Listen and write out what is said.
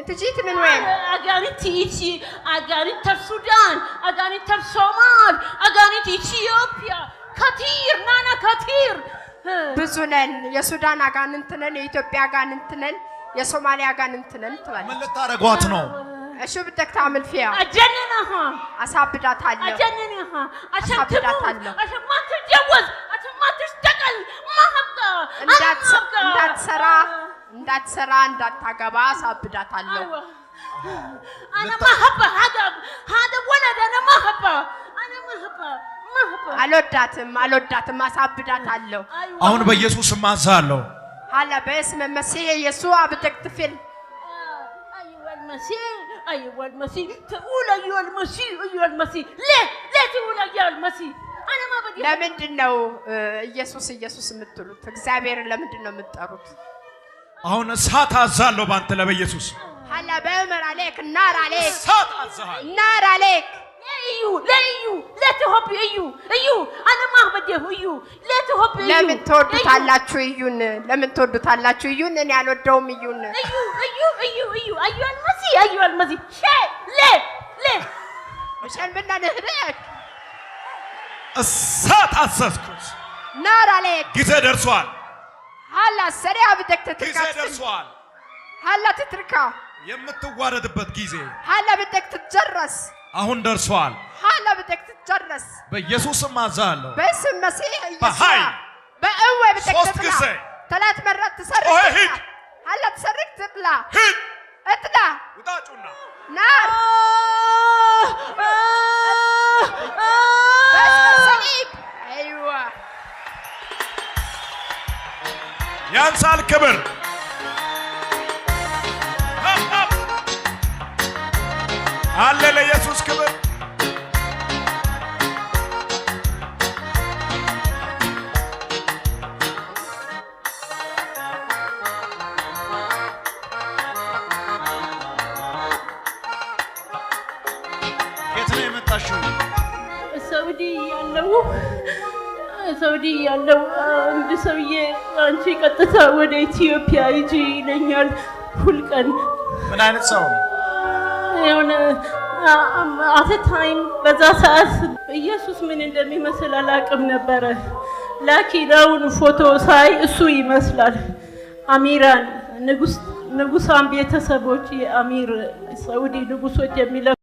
Întâlcit în noi. Aganit Iti, aganit Sudan, aganit Somal, aganit Ethiopia, katir, nana katir. ብዙ ነን። የሱዳን አጋንንት ነን፣ የኢትዮጵያ አጋንንት ነን፣ የሶማሊያ አጋንንት ነን ትላለች። ምን ልታረጓት ነው? እሺ ብደክ ታምል ፊያ አጀንናሃ አሳብዳታለሁ አጀንናሃ አሳብዳታለሁ አሸማትጀወዝ አሸማትሽ ደቀል ማሀብጋ እንዳትሰራ እንዳትሰራ እንዳታገባ ሳብዳታለሁ። አልወዳትም አልወዳትም፣ አሳብዳታለሁ። አሁን በኢየሱስ ማዛለሁ አለ በስመ መሲህ ኢየሱስ አብተክትፍል ለምንድን ነው ኢየሱስ ኢየሱስ የምትሉት? እግዚአብሔርን ለምንድን ነው የምትጠሩት? አሁን እሳት አዛለሁ ባንተ ላይ በኢየሱስ ለምን ትወዱታላችሁ እዩን? ለምን ትወዱታላችሁ እዩን? እኔ አልወደውም እዩን። እሳት አዘዝኩት ጊዜ ደርሷል። አላ ሰሪያ ብደክ ተትርካ ጊዜ ደርሷል። አላ ትትርካ የምትዋረድበት ጊዜ አላ ብደክ ትጀረስ አሁን ደርሷል። አላ ብደክ ትጀረስ በኢየሱስም አዛለሁ በስም መሲህ ኢየሱስ በኃይል በእዌ ብደክ ሶስት ጊዜ ተላት መራት ትሰርቅ አላ ትሰርቅ ትጥላ ሂድ እጥላ ውጣጩና ናር ያንሳል ክብር አለ ለኢየሱስ ክብር ከየት ነው የመጣሽው? ሳውዲ ያለው ሳውዲ ያለው አንድ ሰውዬ አንቺ ቀጥታ ወደ ኢትዮጵያ ሂጂ ይለኛል። ሁልቀን ምን አይነት ሰው የሆነ አተታይም በዛ ሰዓት ኢየሱስ ምን እንደሚመስል አላውቅም ነበረ። ላኪናውን ፎቶ ሳይ እሱ ይመስላል። አሚራን ንጉሳን ቤተሰቦች የአሚር ሳውዲ ንጉሶች የሚለው